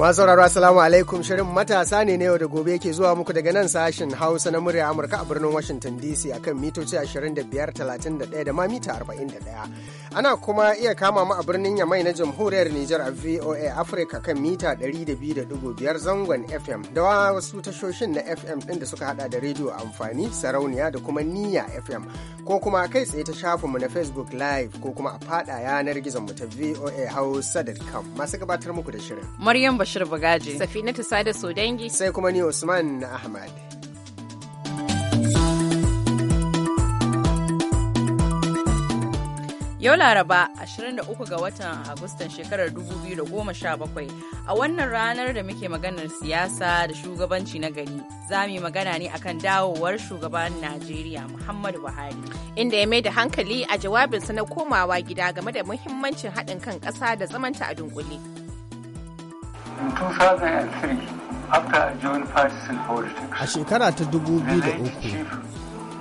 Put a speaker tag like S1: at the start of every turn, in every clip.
S1: Masu sauraro alaikum shirin matasa ne na yau da gobe ke zuwa muku daga nan sashen Hausa na murya Amurka a birnin Washington DC a kan mitoci 2531 da ma mita 41. Ana kuma iya kama mu a birnin Yamai na Jamhuriyar Nijar a VOA Africa kan mita 200.5 zangon FM da wasu tashoshin na FM ɗin da suka hada da rediyo amfani sarauniya da kuma niyya FM ko kuma kai tsaye ta shafinmu na Facebook Live ko kuma a fada yanar gizon mu ta VOA Hausa.com masu gabatar muku da shirin.
S2: Maryam Bashir Bugaji.
S1: Safinatu Sada dangi. Sai kuma ni Usman na Ahmad.
S2: Yau Laraba 23 ga watan Agustan shekarar 2017 a wannan ranar da muke maganar siyasa da shugabanci na gari za mu yi magana ne akan dawowar shugaban Najeriya Muhammadu Buhari.
S3: Inda ya mai da hankali a jawabinsa na komawa gida game da muhimmancin haɗin kan ƙasa da zamanta a dunkule.
S1: A shekara ta biyu da uku, A shekara ta 2003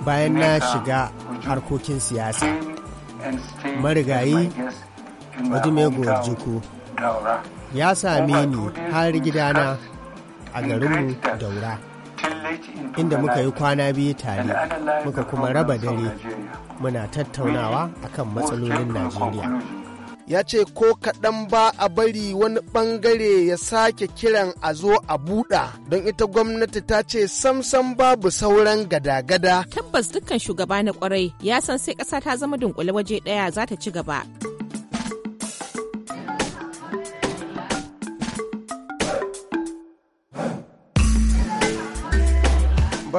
S1: bayan na shiga harkokin siyasa marigayi
S4: Odumego Ojukwu
S1: ya same ni har gidana a garinmu Daura inda muka yi kwana biyu tare muka kuma raba dare muna tattaunawa akan matsalolin Najeriya.
S5: ya ce ko kaɗan ba a bari wani ɓangare ya sake kiran a zo a buɗa don ita gwamnati ta ce samsam babu sauran gada-gada.
S3: Tabbas dukkan shugaba na kwarai ya san sai ƙasa ta zama dunkule waje ɗaya za ta ci gaba.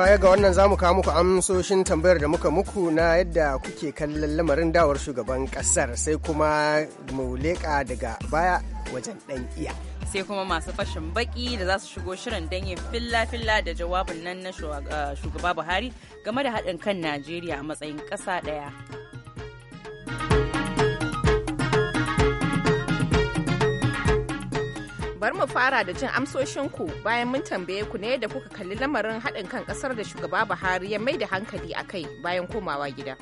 S1: baya ga wannan zamu kawo muku amsoshin tambayar da muka muku na yadda kuke kallon lamarin dawar shugaban kasar sai kuma mu leƙa daga baya wajen ɗan iya.
S2: sai kuma masu fashin baki da za su shigo shirin yin filla-filla da jawabin nan na ah, shugaba buhari game da haɗin kan najeriya a matsayin ƙasa ɗaya. bari mu fara da jin
S3: amsoshinku bayan mun tambaye ku ne da kuka kalli lamarin haɗin kan ƙasar da shugaba Buhari ya mai da
S2: hankali a kai bayan komawa gida.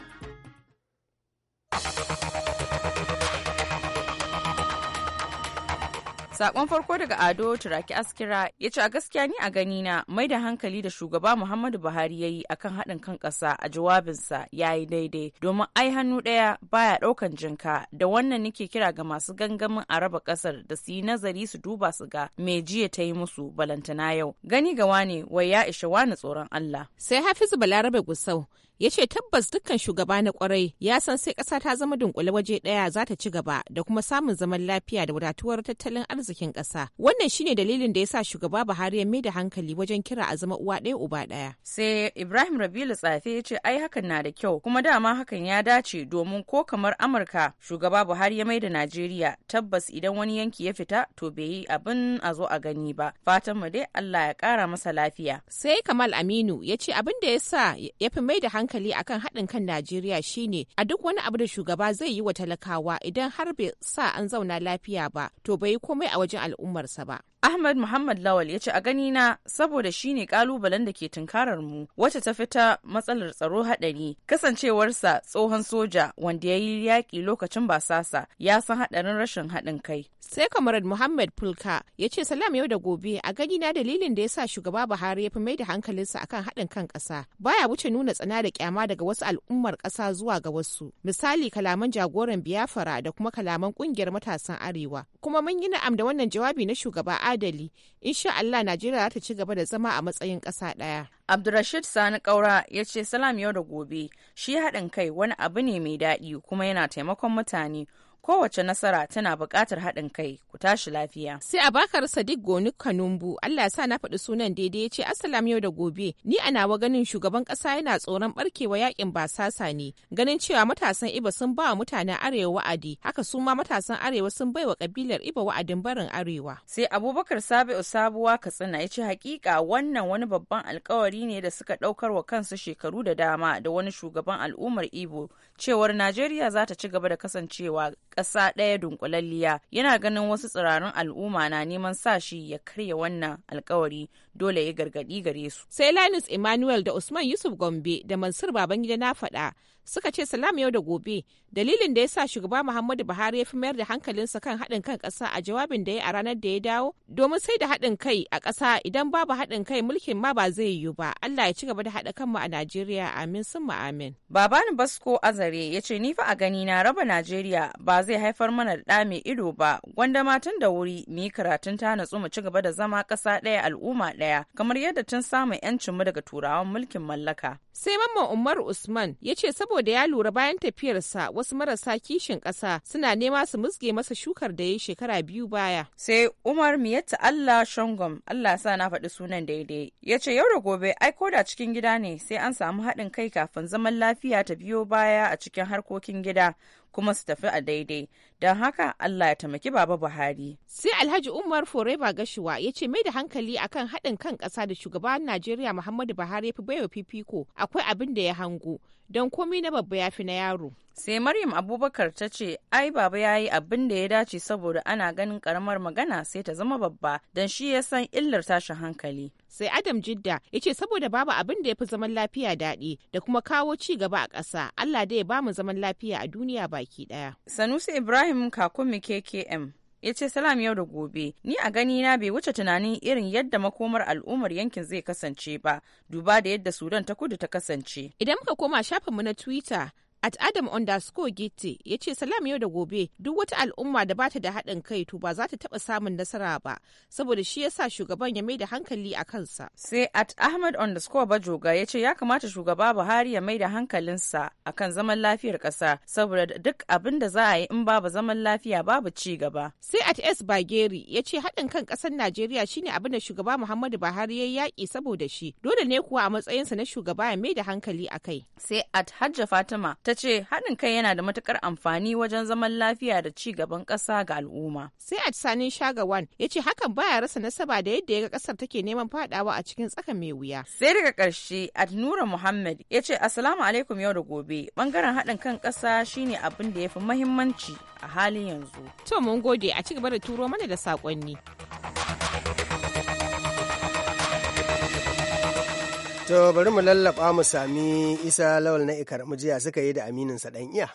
S2: Sakon farko daga Ado Turaki Askira ya ce a gaskiya ni a gani na mai da hankali da shugaba Muhammadu Buhari ya yi akan haɗin kan ƙasa a jawabinsa ya yi daidai domin ai hannu ɗaya baya ɗaukan jinka da wannan nake kira ga masu gangamin a raba ƙasar da su yi nazari su duba su ga me jiya ta yi musu balantana yau. Gani ga wane wai ya isha wani tsoron Allah. Sai Hafizu Balarabe
S3: Gusau ya ce tabbas dukkan shugaba na kwarai ya san sai ƙasa ta zama dunkule waje ɗaya za ta ci gaba da kuma samun zaman lafiya da wadatuwar tattalin arzikin ƙasa wannan shine dalilin da ya sa
S2: shugaba buhari ya mai da hankali wajen kira a zama uwa ɗaya uba ɗaya sai ibrahim rabilu tsafe ya ce ai hakan na da kyau kuma dama hakan ya dace domin ko kamar amurka shugaba buhari ya mai da najeriya tabbas idan wani yanki ya fita to bai yi abin a zo a gani ba fatan mu dai allah ya kara masa lafiya sai kamal aminu ya ce abin da ya sa ya
S3: fi mai da hankali hankali akan haɗin kan Najeriya shine a duk wani abu da shugaba zai yi wa talakawa idan
S2: har bai sa an zauna lafiya ba to bai yi komai a wajen al'ummarsa ba. Ahmad Muhammad Lawal ya ce a gani na saboda shi ne kalubalen da ke tunkarar mu wacce ta fita matsalar tsaro haɗari kasancewarsa tsohon soja wanda ya yi yaƙi lokacin basasa ya san haɗarin rashin haɗin kai. Sai kamarad Muhammad Fulka ya ce salam yau da gobe
S3: a gani na dalilin da ya sa shugaba Buhari ya fi mai da hankalinsa akan haɗin kan ƙasa baya wuce nuna tsana da kyama daga wasu al'ummar ƙasa zuwa ga wasu misali kalaman jagoran Biafra da kuma kalaman ƙungiyar matasan Arewa kuma mun yi na'am da wannan jawabi na shugaba adali insha
S2: Allah Najeriya za ta ci gaba da zama a matsayin ƙasa ɗaya. Abdurrashid Sani Kaura ya ce salam yau da gobe shi haɗin kai wani abu ne mai daɗi kuma yana taimakon mutane kowace nasara tana buƙatar haɗin kai ku tashi lafiya. Sai a bakar Sadiq Goni Kanumbu
S3: Allah ya sa na faɗi sunan daidai ya ce Assalam yau da gobe ni a nawa ganin shugaban ƙasa yana tsoron ɓarkewa yakin basasa ne ganin cewa matasan Iba sun ba wa mutanen Arewa wa'adi haka
S2: su ma matasan Arewa sun baiwa ƙabilar Iba wa'adin barin Arewa. Sai Abubakar Sabi'u Sabuwa Katsina ya ce hakika wannan wani babban alkawari ne da suka ɗaukar wa kansu shekaru da dama da wani shugaban al'ummar Ibo cewar Najeriya za ta ci gaba da kasancewa ƙasa ɗaya dunkulalliya yana ganin wasu tsirarun al'umma na neman sa shi ya karya wannan alkawari dole ya gargaɗi gare su. Sai Linus Emmanuel da Usman Yusuf Gombe da
S3: Mansur Babangida na faɗa suka ce salam yau da gobe dalilin da ya sa shugaba muhammadu buhari ya fi mayar da hankalinsa kan haɗin kan ƙasa a jawabin da ya a ranar da ya dawo domin sai da haɗin kai a ƙasa idan babu haɗin kai mulkin ma ba zai yiwu ba allah ya ci gaba da haɗa kanmu a najeriya
S2: amin sun amin. babani basko azare ya ce ni fa a gani na raba najeriya ba zai haifar mana da mai ido ba gwanda matan da wuri mu yi karatun ta natsu mu ci gaba da zama ƙasa ɗaya al'umma ɗaya kamar yadda tun samun 'yancinmu daga turawan mulkin mallaka. sai mamman umar usman ya ce saboda ya lura bayan tafiyarsa wasu marasa kishin ƙasa suna nema su musge masa shukar da ya yi shekara biyu baya. Sai Umar Miyatta Allah Shangom Allah sa na faɗi sunan daidai. Ya ce yau da gobe ai da cikin gida ne sai an samu haɗin kai kafin zaman lafiya ta biyo baya a cikin harkokin gida. kuma su tafi a daidai don haka Allah ya taimaki Baba Buhari. Sai Alhaji Umar Foreba Gashuwa ya ce mai da
S3: hankali akan haɗin kan ƙasa da shugaban Najeriya Muhammadu Buhari ya fi baiwa fifiko akwai abin da
S2: ya hango don komi na babba ya fi na yaro. Sai Maryam Abubakar ta ce ai baba ya yi abin da ya dace saboda ana ganin karamar magana sai ta zama babba don shi ya san illar tashin hankali. sai adam jidda ya ce saboda babu abin da ya fi zaman lafiya daɗi da kuma kawo ci gaba a ƙasa allah dai ya ba mu zaman lafiya a duniya baki ɗaya sanusi ibrahim kakumi kkm ya ce salam yau da gobe ni a gani na bai wuce tunanin irin yadda makomar al'ummar yankin zai kasance ba duba da yadda sudan ta kudu ta kasance idan muka koma shafinmu na twitter At Adam underscore Gete ya ce salam yau da gobe
S3: duk wata al'umma da bata da haɗin kai to ba za ta taɓa samun nasara ba saboda shi yasa shugaban ya mai da hankali a kansa.
S2: Sai at Ahmad underscore Bajoga ya ce ya kamata shugaba Buhari ya mai da hankalinsa akan zaman lafiyar ƙasa saboda duk abin da za a yi in babu zaman lafiya babu ci gaba. Sai at S Bageri ya ce haɗin kan ƙasar Najeriya shine abin
S3: da shugaba Muhammadu Buhari ya yi yaƙi saboda shi dole ne kuwa a matsayinsa na shugaba ya mai da hankali a
S2: kai. Sai at Hajja Fatima ta ce haɗin kai yana da matukar amfani wajen zaman lafiya da ci gaban ƙasa ga al'umma.
S3: Sai a Shaga shagawan ya ce hakan baya rasa nasaba da yadda ya ga ƙasar take neman faɗawa a cikin tsaka mai wuya.
S2: Sai daga ƙarshe Adnura Muhammad ya ce Assalamu alaikum yau da gobe ɓangaren haɗin kan ƙasa shine abin da ya fi muhimmanci a halin yanzu. To mun gode a ci gaba da turo mana da saƙonni.
S1: To bari mu lallaba mu sami isa lawal na ikar mujiya jiya suka yi da aminin sa dan iya.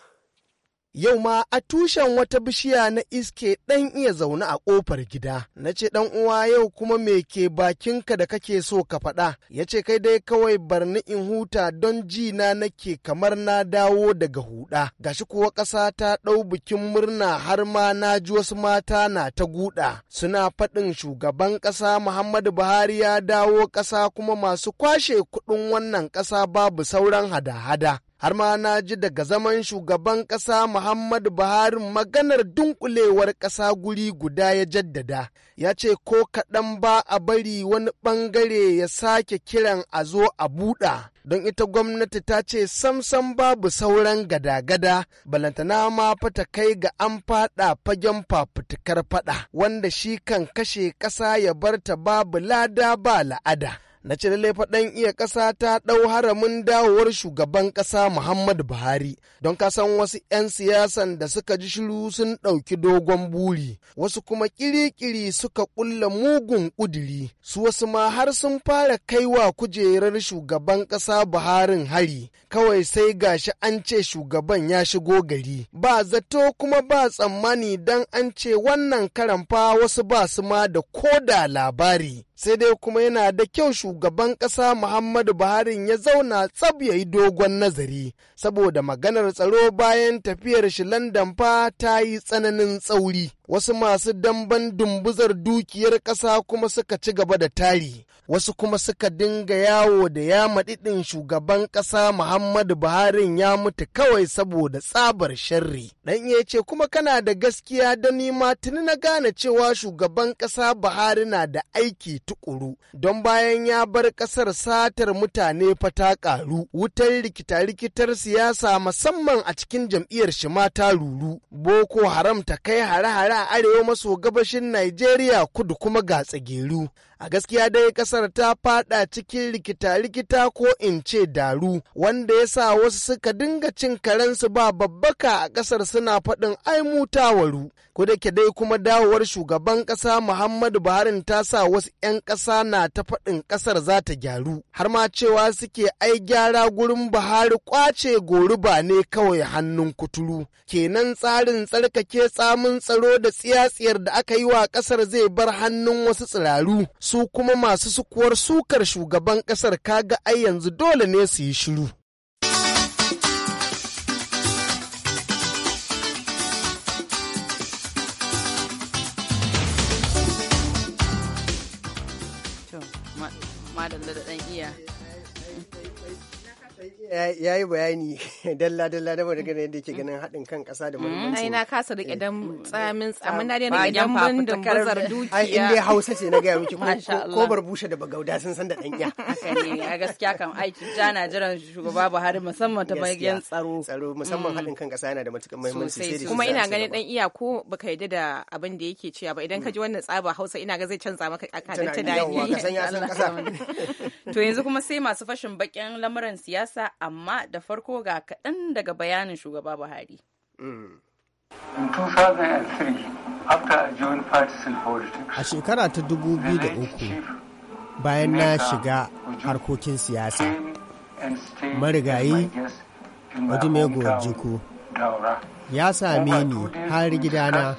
S1: Yau ma a tushen
S5: wata bishiya na iske ɗan iya zaune a ƙofar gida. Na ce ɗan uwa yau kuma me ke bakinka da kake so ka faɗa. Ya ce kai dai kawai barni in huta don ji na nake kamar na dawo daga huɗa. Gashi kuwa ƙasa ta ɗau bikin murna har ma na ji wasu mata na ta guda. Suna faɗin shugaban ƙasa Muhammadu Buhari ya dawo ƙasa kuma masu kwashe kuɗin wannan ƙasa babu sauran hada-hada. har ma na ji daga zaman shugaban ƙasa Muhammadu Buhari maganar dunkulewar ƙasa guri guda ya jaddada, ya ce ko kaɗan ba a bari wani ɓangare ya sake kiran a zo a buɗa. Don ita gwamnati ta ce samsam babu sauran gada-gada, balantana ma fata kai ga an faɗa fagen fafutukar faɗa, wanda shi kan kashe ƙasa ya barta babu lada ba la'ada. na ce lallai faɗan iya ƙasa ta ɗau haramin dawowar shugaban ƙasa Muhammadu Buhari don kasan wasu 'yan siyasan da suka ji shiru sun ɗauki dogon buri wasu kuma ƙiri-ƙiri suka ƙulla mugun ƙudiri su wasu ma har sun fara kaiwa kujerar shugaban ƙasa Buharin hari kawai sai gashi an ce shugaban ya shigo gari ba zato kuma ba tsammani don an ce wannan karamfa wasu ba su ma da koda labari sai dai kuma yana da kyau shugaban ƙasa muhammadu buhari ya zauna tsab ya yi dogon nazari saboda maganar tsaro bayan tafiyar shi London fa ta yi tsananin tsauri. Wasu masu damban dumbuzar dukiyar ƙasa kuma suka ci gaba da tari, wasu kuma suka dinga yawo da ya maɗiɗin shugaban ƙasa Muhammadu Buhari ya mutu kawai saboda tsabar sharri. Dan ya ce kuma kana da gaskiya da nima tuni na gane cewa shugaban ƙasa Buhari na da aiki tukuru, don bayan ya bar ƙasar satar mutane fa ta ƙaru, wutar rikita-rikitar siyasa musamman a cikin jam'iyyar shi ta ruru boko haram ta kai hare-hare a arewa maso gabashin najeriya kudu kuma ga tsageru A gaskiya dai kasar ta fada cikin rikita-rikita ko in ce daru, wanda ya sa wasu suka dinga cin karensu ba babbaka a kasar suna faɗin ai mutawaru. ke dai kuma dawowar shugaban ƙasa Muhammadu Buhari ta sa wasu 'yan ƙasa na ta faɗin ƙasar za ta gyaru, har ma cewa suke ai gyara gurin Buhari kwace gori ba ne kawai hannun kuturu. Kenan tsarin tsarkake tsamin tsaro da tsiyatsiyar da aka yi wa ƙasar zai bar hannun wasu tsiraru. su kuma masu sukuwar sukar shugaban ƙasar kaga ai yanzu dole ne su yi shiru.
S1: ya yi bayani dalla dalla da daga yadda yake ganin haɗin kan ƙasa da mm, mulkin ai na
S3: kasa rike eh,
S2: dan eh, tsamin tsamin na rike dan bindin bazar dukiya ai inda dai Hausa
S1: ce na gaya miki ko bar bushe da bagauda sun san da dan ya haka ne
S2: a gaskiya kam aiki jana jiran shugaba
S1: Buhari musamman ta bayan tsaro tsaro musamman mm. haɗin kan ƙasa yana da matukar muhimmanci sai kuma ina
S2: ganin dan iya
S3: ko baka yi da abin da yake cewa ba idan ka mm. ji wannan tsaba Hausa ina ga zai canza maka akadanta da ni
S2: to yanzu kuma sai masu fashin bakin lamuran siyasa amma da farko ga kaɗan daga bayanin shugaba Buhari.
S1: a shekara ta dubu biyu da uku a shekara bayan na shiga harkokin siyasa,
S4: marigayi Odumego jiku
S1: ya same ni har gidana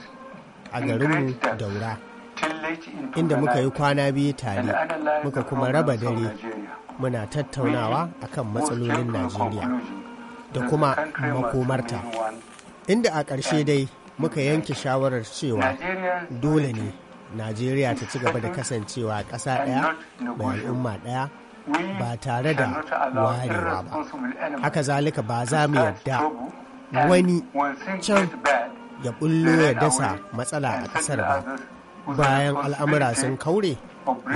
S1: a garinmu Daura. inda muka yi kwana biyu tare muka kuma raba dare muna tattaunawa a kan matsalolin najeriya da kuma makomarta inda a ƙarshe dai muka yanke shawarar cewa dole ne najeriya ta ci gaba da kasancewa ƙasa ɗaya da al'umma ɗaya ba tare da warewa ba haka zalika ba za mu yarda wani can ya bullo ya dasa matsala a ƙasar ba bayan al'amura sun kaure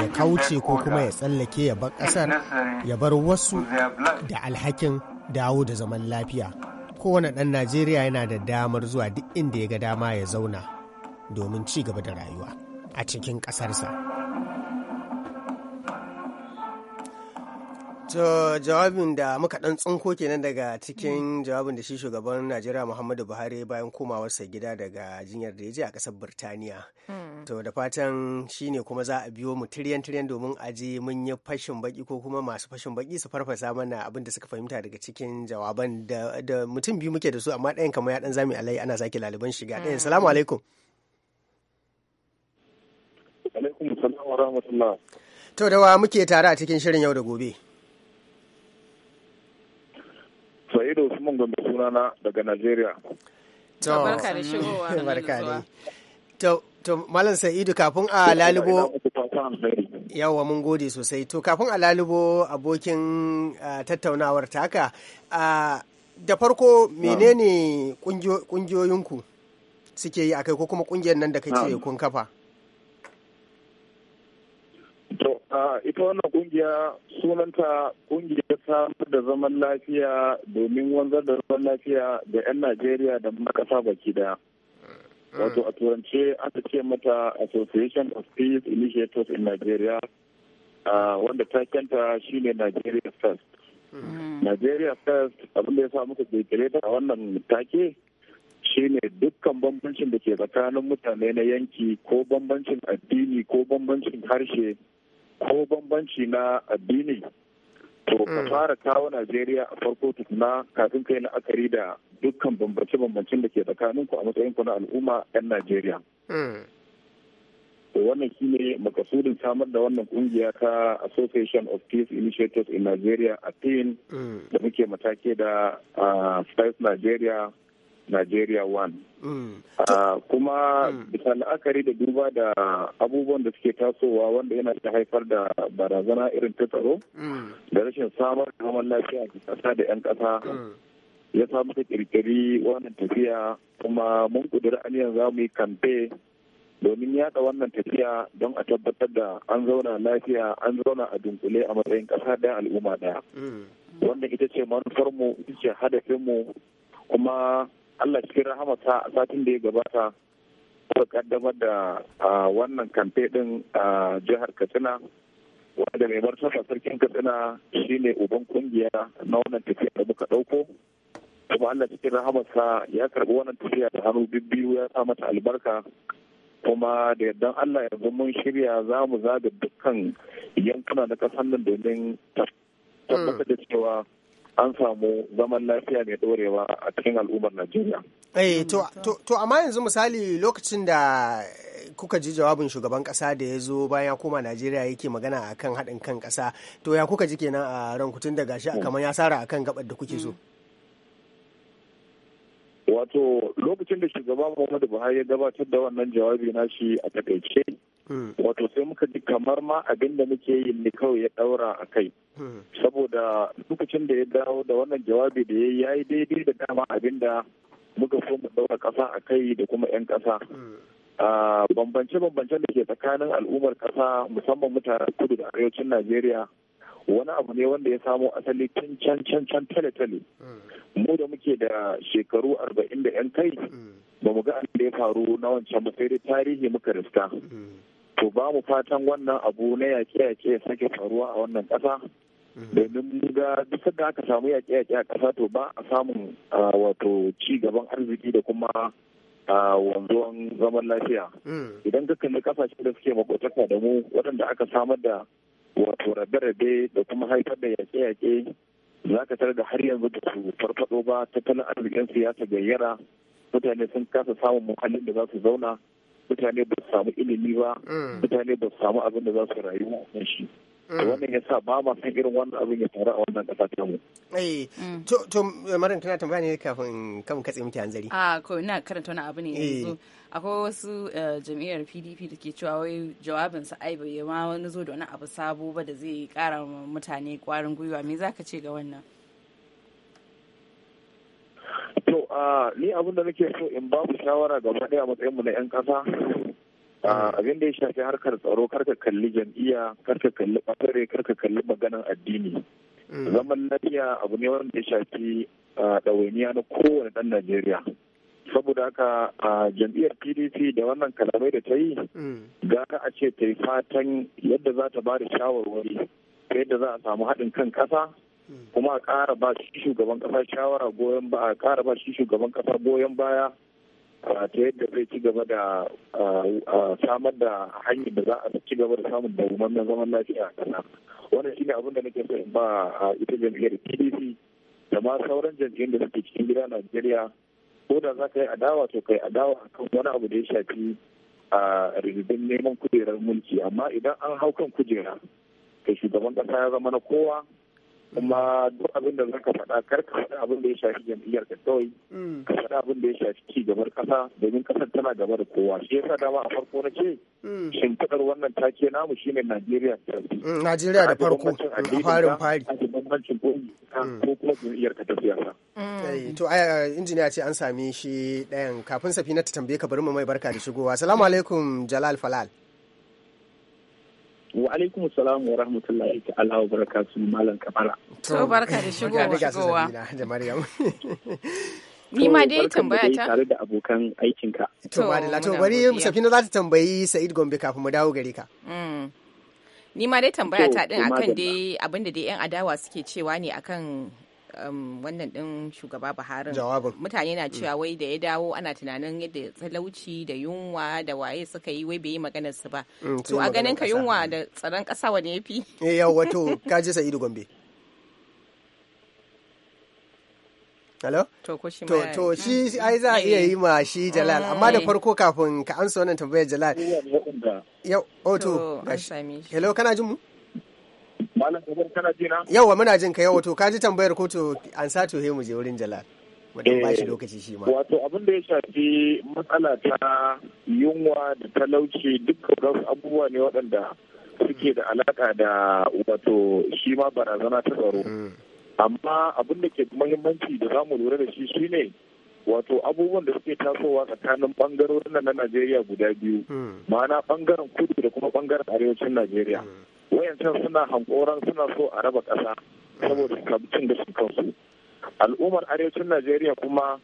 S1: ya kauce ko kuma ya tsallake ya bar ƙasar ya bar wasu da alhakin dawo da zaman lafiya kowane ɗan najeriya yana da damar zuwa duk inda ya ga dama ya zauna domin ci gaba da rayuwa a cikin ƙasarsa. To jawabin da muka dan tsinko kenan daga cikin jawabin da shi shugaban Najeriya Muhammadu Buhari bayan komawarsa gida daga jinyar da ya je a kasar Birtaniya. Hmm. To da fatan shi ne kuma za a biyo mu tiryan tiryan domin a je mun yi fashin baki ko kuma masu fashin baki su farfasa mana abin da suka fahimta daga cikin jawaban da mutum biyu muke da su amma ɗayan kamar ya dan zami alai ana sake laliban shiga ɗayan. Hmm. Salamu alaikum.
S4: alaikum salam wa
S1: to da wa muke tare a cikin shirin yau da gobe
S4: Sa'idu Usman Gombe sunana daga Najeriya. To, barka da
S1: shigowa. To, to Malam Sa'idu kafin a lalubo yawa mun gode sosai to kafin a lalubo abokin tattaunawar taka da farko menene kungiyoyinku suke yi akai ko kuma kungiyar nan da kake kun kafa
S4: Ah, ita wannan kungiya sunanta kungiyar samar da zaman lafiya domin wanzar da zaman lafiya da 'yan Najeriya da makasa baki daya. Wato a turance aka ce mata Association of Peace Initiators in Nigeria ah, wanda takenta shine Nigeria First. Hmm. Nigeria First abinda ya sa muka kirkire ta a wannan take shine dukkan bambancin da ke tsakanin mutane na yanki ko bambancin addini ko bambancin harshe. ko bambanci na addini to ka mm. fara kawo najeriya a farko tukuna kafin kai la'akari da dukkan bambance-bambancen da ke tsakaninku a matsayinku na al'umma 'yan najeriya mm. to wannan shi ne makasudin samar da wannan kungiya ta association of peace initiatives in nigeria a tin mm. da muke matake da five ah, nigeria Nigeria one. Mm. Ah, kuma mm. bisa la'akari da duba da abubuwan da suke tasowa wanda yana da haifar da barazana irin ta tsaro
S6: mm. da
S4: rashin samar da zaman lafiya a ƙasa da 'yan ƙasa ya samu ta ƙirƙiri wannan tafiya kuma mun ƙudiri aniyar za mu yi kamfe domin yada wannan tafiya don a tabbatar da an zauna lafiya an zauna a dunkule a matsayin ƙasa ɗaya al'umma ɗaya. Wannan ita ce manufarmu ita ce hadafinmu kuma allah cikin rahamata a satin da ya gabata kuka kaddamar da wannan kamfe din a jihar katsina wanda mai martaba sarkin katsina shine uban kungiya na wannan tafiya da muka ɗauko kuma allah cikin rahamarsa ya karbi wannan tafiya da hannu biyu ya sa mata albarka kuma da yardan allah yanzu mun shirya za mu zaga dukkan yankuna na ƙasar nan domin hmm. tabbatar da cewa an samu zaman lafiya mai dorewa a cikin al'ummar Najeriya.
S1: Eh to amma yanzu misali lokacin da kuka ji jawabin shugaban kasa da ya zo bayan ya koma Najeriya yake magana akan haɗin kan kasa to ya kuka ji kenan a ranku tun da gashi kamar ya sara akan gabar da kuke so.
S4: Wato lokacin da shugaban Muhammadu Buhari ya gabatar da wannan jawabi nashi a takaice Hmm. wato sai muka ji kamar ma abin da muke yi ne kawai ya daura a kai hmm. saboda lokacin da ya dawo da wannan jawabi da ya yi daidai da dama abin da muka so mu daura kasa a kai da kuma 'yan kasa hmm. bambance-bambancen da ke tsakanin al'ummar kasa musamman mutanen kudu da arewacin najeriya wani abu ne wanda ya samo asali tun can can can tale tale mu da muke da shekaru arba'in da yan kai ba mu ga abin da ya faru na wancan ba sai dai tarihi muka riska to ba mu fatan wannan abu na yaƙe-yaƙe ya sake faruwa a wannan ƙasa mm-hmm. domin ga duk da aka samu yaƙe-yaƙe a ƙasa to ba a samun wato ci gaban arziki da kuma wanzuwan zaman lafiya mm. idan ka kalli ƙasashe da suke makotaka da mu waɗanda aka samar da wato rabe-rabe da kuma haifar da yaƙe-yaƙe za ka tarar da har yanzu da su farfaɗo ba tattalin arzikin siyasa gayyara mutane sun kasa samun muhallin da za su zauna mutane ba su samu ilimi ba
S6: mm. mutane
S4: ba su samu abin da za su rayu
S1: a shi mm.
S6: wannan
S4: ya sa ba ma san irin wannan abin ya faru a wannan kasa ta mu.
S1: Eh, mm. to, to Maryam tana tambaya ne kafin kamun katse miki hanzari.
S2: a ah, ko ina karanta wani abu ne eh. yanzu. Akwai wasu eh, jam'iyyar PDP da ke cewa wai jawabin sa ai bai ma wani zo da wani abu sabo ba da zai kara mutane kwarin gwiwa me zaka ce ga wannan?
S4: ni abin da nake so in babu shawara gaba ɗaya matsayin matsayinmu na 'yan ƙasa abin da ya shafi harkar tsaro karka kalli jam'iyya karka kalli ɓangare karka kalli maganan addini mm. zaman lafiya abu ne wanda ya shafi ɗawainiya na kowane ɗan najeriya saboda haka a jam'iyyar pdp da wannan kalamai da ta yi mm. gara a ce ta yi fatan yadda za ta ba da shawarwari ta yadda za a samu haɗin kan ƙasa kuma a kara ba shi shugaban kasa shawara goyon ba a kara ba shi shugaban kasa goyon baya ta yadda zai ci gaba da samar da hanyar da za a ci gaba da samun na zaman lafiya a kasa. wannan shine abin da nake so in ba ita jam'iyyar pdp da ma sauran jam'iyyun da suke cikin gida najeriya ko da za ka yi adawa to kai adawa kan wani abu da ya shafi a rigidin neman kujerar mulki amma idan an hau kan kujera kai shugaban kasa ya zama na kowa kuma duk abin da zaka faɗa kar ka faɗa abin da ya shafi jam'iyyar ka kawai mm. ka faɗa abin da ya shafi ci gabar ƙasa domin ƙasar tana gaba da kowa shi yasa dama a farko na ce
S1: mm. shimfiɗar
S4: wannan take namu shine Najeriya mm,
S1: Najeriya da farko a farin
S4: fari bambancin ko kuma jam'iyyar ka ta siyasa
S1: eh, to a eh, injiniya ce an same shi ɗayan kafin safina ta tambaye ka bari mu mai barka da shigowa assalamu alaikum Jalal Falal Wa alaikum
S4: salam wa rahmatullahi ta'ala wa barakatuhu malam kamara.
S1: To barka da shigowa shigowa. Da Maryam. Ni ma dai tambaya ta.
S3: Tare
S7: da abokan aikinka. To
S1: da to bari Safina za ta tambayi Sa'id Gombe kafin mu dawo gare ka.
S3: Mm. Ni ma dai tambaya ta din akan dai abinda dai yan adawa suke cewa ne akan Um, wannan din shugaba Buhari mutane na mm. cewa wai da ya dawo ana tunanin yadda talauci da yunwa da waye suka yi wai bai yi maganar su ba mm, to a ganin ka yunwa da tsaron kasa wani yafi
S1: eh yawa to kaji Sa'idu Gombe Hello? To, to, shi mm. ai za a iya eh. yi ma shi Jalal, amma da eh. farko kafin ka amsa wannan tambayar Jalal. Yau, oh, to, hello, kana jin mu?
S4: Malam Kabir ji
S1: muna jin ka yawa to ka ji tambayar kotu an sato he mu je wurin Jalal. Wadda ba shi eh, lokaci shi ma. Wato
S4: abin da ya shafi matsala ta yunwa da talauci dukkan abubuwa ne waɗanda suke da alaka da wato shi ma barazana ta tsaro. Mm. Amma abin da ke muhimmanci da za mu lura da shi shine wato abubuwan da suke tasowa tsakanin bangarorin na Najeriya guda biyu, mm. ma'ana bangaren kudu da kuma bangaren arewacin Najeriya. Mm. wayancan suna hankoran suna so a raba ƙasa saboda kabcin da su kansu al'ummar arewacin najeriya kuma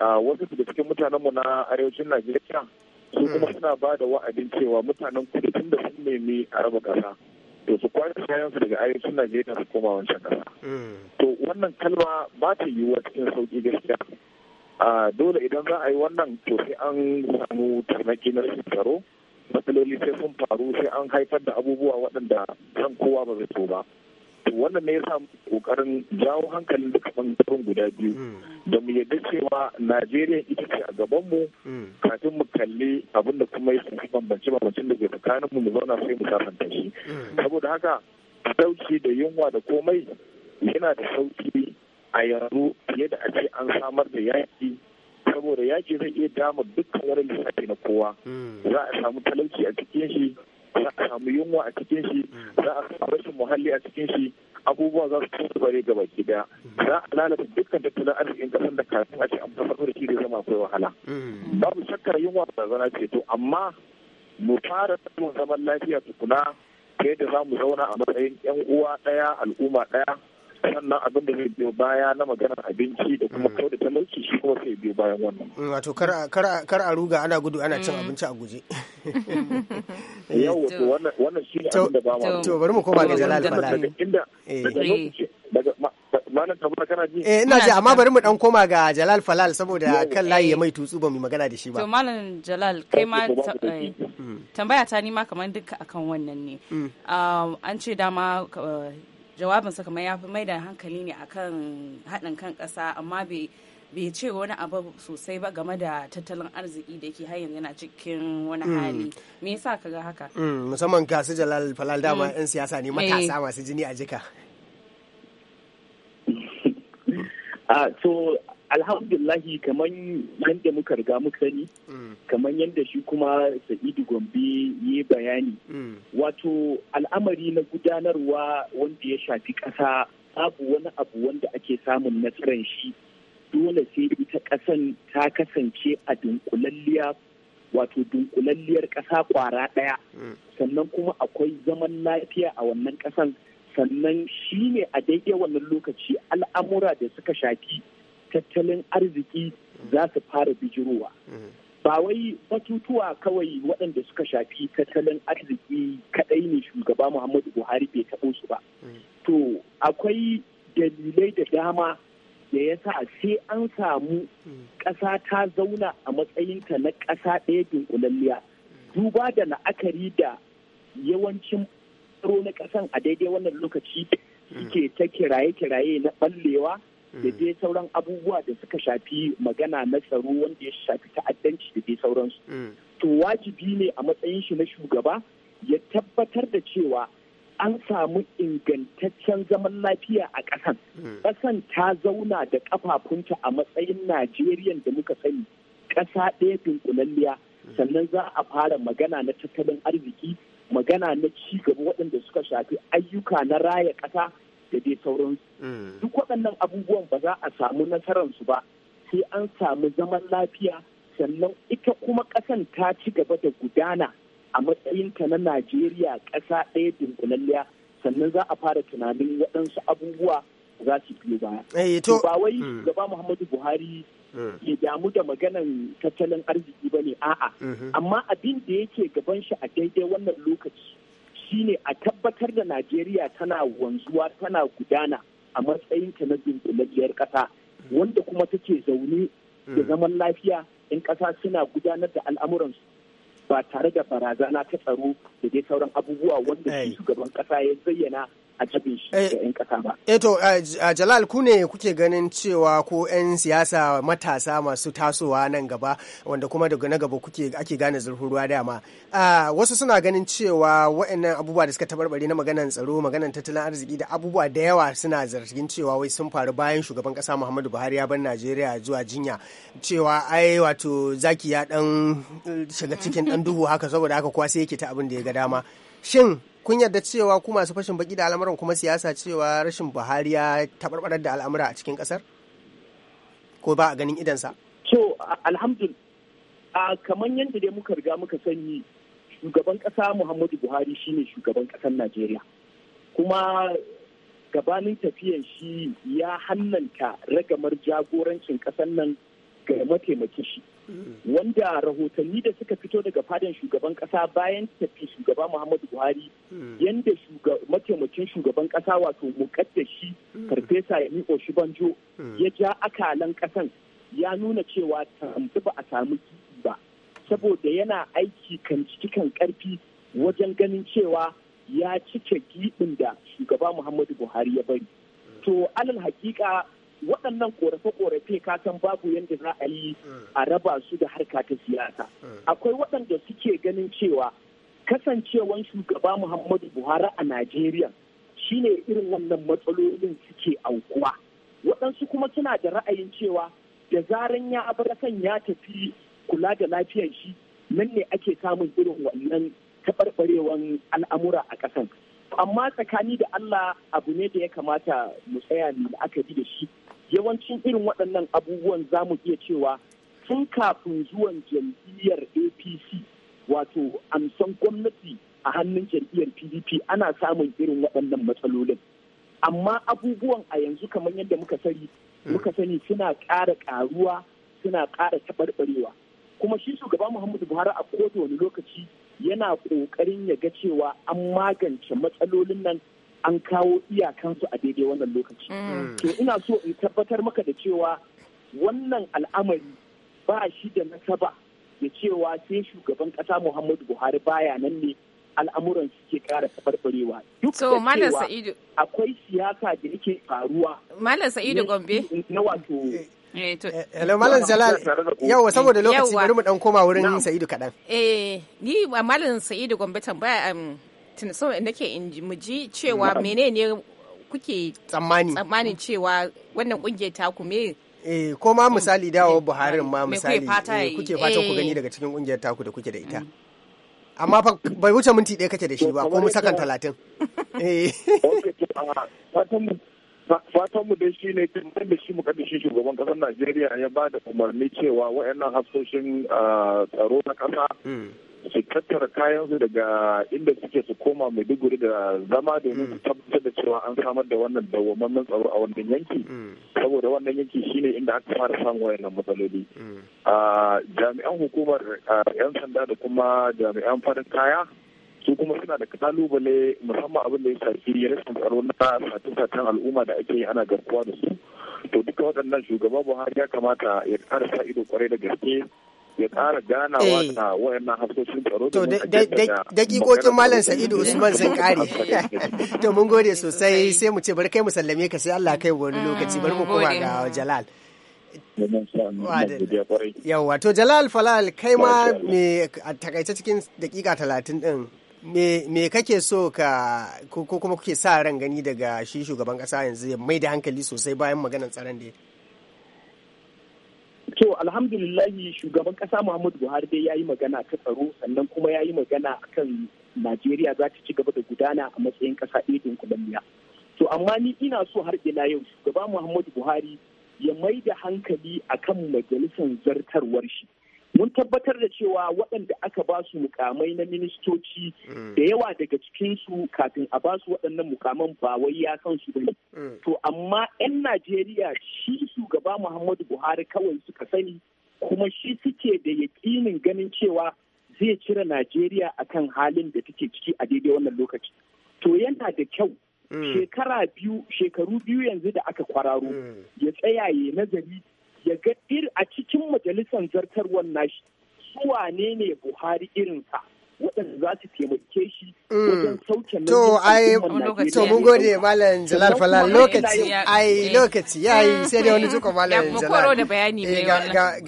S4: wasu da cikin mutanenmu na arewacin najeriya su kuma hmm. suna ba da wa'adin cewa mutanen kudu tun da sun nemi a raba ƙasa to su kwashe kayansu daga arewacin najeriya su koma wancan ƙasa
S6: hmm. to
S4: wannan kalma ba ta yiwuwa cikin sauƙi gaskiya dole idan za a yi wannan to sai an samu tarnaki na tsaro matsaloli sai sun faru sai an haifar da abubuwa waɗanda kan kowa ba zai so ba to wannan ne yasa kokarin jawo hankalin duka bangaren guda biyu hmm. da mu yadda cewa najeriya ita ce a gaban mu hmm. kafin mu kalli abin da kuma ya bambance bambancin da ke tsakanin mu mu zauna sai mu sasanta shi hmm. saboda haka sauki da yunwa da komai yana da sauki a yanzu fiye da a ce an samar da yaƙi. saboda yaƙi zai iya dama dukkan wani lissafi na kowa hmm. za a samu talauci a cikin shi za a samu yunwa a cikin shi hmm. za a samu rashin muhalli a cikin shi abubuwa za su kusa bare ga baki daya hmm. za a lalata dukkan tattalin arzikin kasar da kafin a ce an farfado da shi zai zama akwai wahala babu shakkar yunwa barazana ce to amma mu fara samun zaman lafiya tukuna ta yadda za mu zauna a matsayin yan uwa ɗaya al'umma ɗaya sannan abin da zai biyo baya na maganar abinci da kuma mm. kau da talauci shi kuma sai biyo bayan wannan.
S1: Wato kar a ruga ana gudu ana cin mm. abinci a guje.
S4: Yau wato wannan shi ne abin da ba ma. To bari mu koma ga Jalal Bala. Inda eh. daga lokaci
S1: eh ina ji amma bari mu dan koma ga Jalal Falal saboda kan layi ya eh. mai tutsu ba mu magana da shi ba to
S2: malam Jalal kai ma eh, tambaya ta nima kamar duka akan wannan ne mm. um, an ce dama jawabinsa kamar ya fi mai da hankali ne akan haɗin kan ƙasa amma bai ce wani abu sosai ba game da tattalin arziki da ke hanyar yana cikin wani hmm. hali me yasa kaga haka
S1: hmm, musamman ga su jalal falal dama yan hmm. siyasa ne eh. matasa masu jini a jika
S7: ah, alhamdulahi kamar yadda muka riga muka sani mm. kamar yadda shi kuma sa'idu gombe ya bayani mm. wato al'amari na gudanarwa wanda ya shafi ƙasa babu wani abu wanda ake samun nasarar shi dole sai ita ƙasan ta kasance a dunkulalliya wato dunkulalliyar ƙasa ƙwara ɗaya mm. sannan kuma akwai zaman lafiya a wannan ƙasan sannan shi ne a daidai wannan lokaci al'amura da suka shafi tattalin arziki za su fara bijirowa. Ba wai batutuwa kawai waɗanda suka shafi tattalin arziki kaɗai ne shugaba Muhammadu Buhari bai taɓo su ba. To, akwai dalilai da dama da ya sa sai an samu ƙasa ta zauna a matsayinta na ƙasa ɗaya dunkulalliya. Duba da la'akari da yawancin tsaro na ƙasan a daidai wannan lokaci suke ta kiraye-kiraye na ɓallewa. da dai mm. sauran abubuwa da suka shafi magana na tsaro wanda ya shafi ta'addanci da dai sauransu. Mm. To wajibi ne a matsayin shi na shugaba ya tabbatar da cewa an samu ingantaccen zaman lafiya a ƙasan. Mm. Ƙasan ta zauna da ƙafafunta a matsayin Najeriyan da muka sani ƙasa ɗaya dunkulalliya sannan za a fara magana na tattalin arziki magana na ci gaba waɗanda suka shafi ayyuka na raya ƙasa da dai sauransu mm. duk waɗannan abubuwan ba za a samu nasararsu ba sai an samu zaman lafiya sannan ita kuma ƙasan ta ci gaba da gudana a matsayinta na najeriya ƙasa ɗaya dunkulalliya sannan za a fara tunanin waɗansu abubuwa za su biyo baya.
S5: Eh, to ba wai
S7: mm. gaba Muhammadu Buhari
S6: mm. ya damu
S7: da maganan tattalin arziki ba ne a'a mm-hmm. amma abin da yake gaban shi a daidai wannan lokaci shine a tabbatar da Najeriya tana wanzuwa tana gudana a matsayinta na dunkulalliyar ƙasa wanda kuma take zaune da hmm. zaman lafiya in ƙasa suna gudanar da al'amuransu ba tare da barazana ta tsaro da dai sauran abubuwa wanda shugaban ƙasa ya zayyana a
S1: jabe shi eh, da 'yan ƙasa ba. Eto, eh Jalal, ku ne kuke ganin cewa ko 'yan siyasa matasa masu tasowa nan gaba wanda kuma daga na gaba kuke ake gane zurfin ruwa dama. Wasu suna ganin cewa waɗannan abubuwa da suka tabarbare na maganan tsaro, maganan tattalin arziki da abubuwa da yawa suna zargin cewa wai sun faru bayan shugaban ƙasa Muhammadu Buhari ya bar Najeriya zuwa jinya. Cewa ai wato zaki ya ɗan eh, shiga cikin ɗan duhu haka saboda haka kuwa sai yake ta abin da ya ga dama. Shin kun yarda cewa ku masu fashin baki da al'amuran kuma siyasa cewa rashin buhari ya tabarbarar da al'amura a cikin kasar ko ba a ganin idansa to alhamdulillah kamar yadda
S7: dai muka riga muka sani shugaban kasa muhammadu buhari shine shugaban kasar najeriya kuma gabanin tafiyan shi ya hannanta ragamar jagorancin kasar nan ga mataimakin shi wanda rahotanni da suka fito daga fadin shugaban kasa bayan tafi shugaba muhammadu buhari yanda mataimakin shugaban kasa wato mukaddashi farfesa shi banjo. ya ja akalan kasan ya nuna cewa tamfi ba a samu kifi ba saboda yana aiki kan ciki kan karfi wajen ganin cewa ya cike giɗin da shugaba muhammadu buhari ya bari to alal hakika waɗannan ƙorafe korafe san babu yadda za a yi a raba su da harka ta siyasa akwai waɗanda suke ganin cewa kasancewan shugaba muhammadu buhari a najeriya shine irin wannan matsalolin suke aukuwa waɗansu kuma suna da ra'ayin cewa da zaran ya abarakan ya tafi kula da lafiyar shi nan ne ake samun irin wannan taɓarɓarewan al'amura a ƙasan amma tsakani da allah abu ne da ya kamata mu tsaya da aka bi da shi yawancin irin waɗannan abubuwan za mu iya cewa tun kafin zuwan jam'iyyar apc wato amsan gwamnati a hannun jam'iyyar pdp ana samun irin waɗannan matsalolin amma abubuwan a yanzu kamar yadda muka sani muka hmm. sani suna ƙara ƙaruwa suna ƙara taɓarɓarewa kuma shi shugaba muhammadu buhari a kowane lokaci yana ƙoƙarin ya ga cewa an magance matsalolin nan an kawo iyakansu a daidai wannan lokaci. Mm. To ina so in tabbatar maka da cewa wannan al'amari ba shi da nasaba da cewa sai shugaban kasa Muhammadu Buhari baya nan ne al'amuran suke kara tabarbarewa. Duk so, da cewa akwai siyasa da yake faruwa.
S3: Malam Sa'idu Gombe. Na
S1: wato
S2: eh, eh, Hello Malam Jalal. Yau saboda lokaci bari
S1: mu dan koma wurin Sa'idu
S3: kaɗan. Eh ni Malam Sa'idu Gombe tambaya um, tun so nake in mu ji cewa menene kuke tsammani tsammanin cewa wannan kungiyar ku me
S1: eh ko ma misali dawo Buharin ma misali eh, kuke fata ku gani daga cikin kungiyar ta ku da kuke da ita mm. amma fa bai wuce minti ɗaya kake da shi ba ko mu sakan talatin. Eh. Fatan mu dai shi ne kan da shi muka
S4: shi shugaban ƙasar Najeriya ya ba da umarni cewa waɗannan hafsoshin ah, tsaro na ƙasa mm. su tattara kayansu daga inda suke su koma maiduguri da zama domin su mm. tabbatar da cewa an samar da wannan dawwammamen tsaro a wannan yanki mm. saboda wannan yanki shine inda aka fara samun wayannan matsaloli mm. jami'an hukumar yan sanda da kuma jami'an farin kaya su kuma suna da kalubale musamman abin da ya shafi rashin tsaro na satin-satin al'umma da ake yi ana garkuwa da su to duka waɗannan shugaban buhari ya kamata ya ƙara ido kwarai da gaske ya ƙara ganawa eh. da wayannan tsaro
S1: to dakikokin malam sa'idu usman sun kare to mun gode sosai sai mu ce bari kai mu sallame ka sai Allah kai wani lokaci bari mu mm, koma ga jalal yawwa to jalal falal kai ma me a takaice cikin dakika talatin din me me kake so ka ko kuma kuke sa ran gani daga shi shugaban kasa yanzu ya mai da hankali sosai bayan maganar tsaron da ya To alhamdulillahi shugaban kasa Muhammadu Buhari dai ya yi magana
S7: ta tsaro sannan kuma ya yi magana kan Najeriya za ta ci gaba da gudana a matsayin kasa ɗin dunkulalliya. To amma ni ina so har ila yau shugaba Muhammadu Buhari ya mai da hankali akan majalisar zartarwar shi. mun tabbatar da cewa waɗanda aka ba su mukamai na ministoci mm. da yawa daga cikinsu kafin a ba su waɗannan mukaman ba wai ya san su bane mm. to amma 'yan najeriya shi shugaba muhammadu buhari kawai suka sani kuma shi suke da yakinin ganin cewa zai cire najeriya akan halin da take ciki a daidai wannan lokaci to yana da kyau mm. shekara biyu shekaru biyu yanzu da aka kwararo ya tsaya ya nazari ya ga a cikin majalisar zartarwar nashi su wane ne Buhari irinsa Mm. To ai to mun gode Malam Jalal Fala lokaci ai lokaci yayi sai dai wani tuko
S1: Malam Jalal. da bayani eh,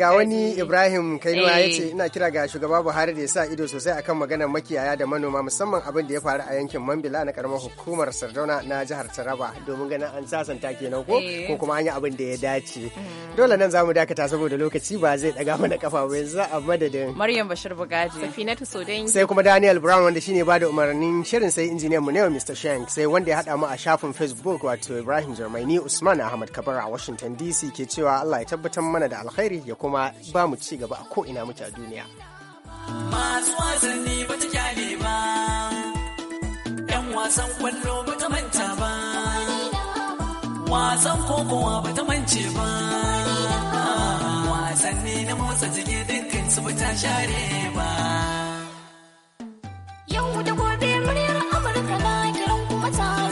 S1: ga wani Ibrahim Kainuwa ya ce eh. ina kira ga shugaba Buhari da ya sa ido sosai akan maganar makiyaya da manoma musamman abin da ya faru a yankin Mambila na karamar hukumar Sardauna na jihar Taraba domin ganin an sasanta kenan ko ko eh. kuma an yi abin da ya dace. Mm. Dole nan zamu dakata saboda lokaci ba zai daga mana kafa ba yanzu a madadin.
S2: Maryam Bashir Bugaji. Safinatu Sodangi.
S1: sai kuma Daniel Brown wanda shine ba da umarnin shirin sai injiniyan mu ne Mr. Shank sai wanda ya hada mu a shafin Facebook wato Ibrahim Jarmaini Usman Ahmad Kabar a Washington DC ke cewa Allah ya tabbatar mana da alkhairi ya kuma ba mu ci gaba a ko ina muke a duniya.
S5: Masu wasanni ba ta kyale ba, 'yan wasan kwallo ba ta manta ba, wasan kokowa ba ta mance ba, wasanni na motsa jiki dukkan su ba ta share ba. Yau da gobe muryar Amurka na kiran kuma
S6: ta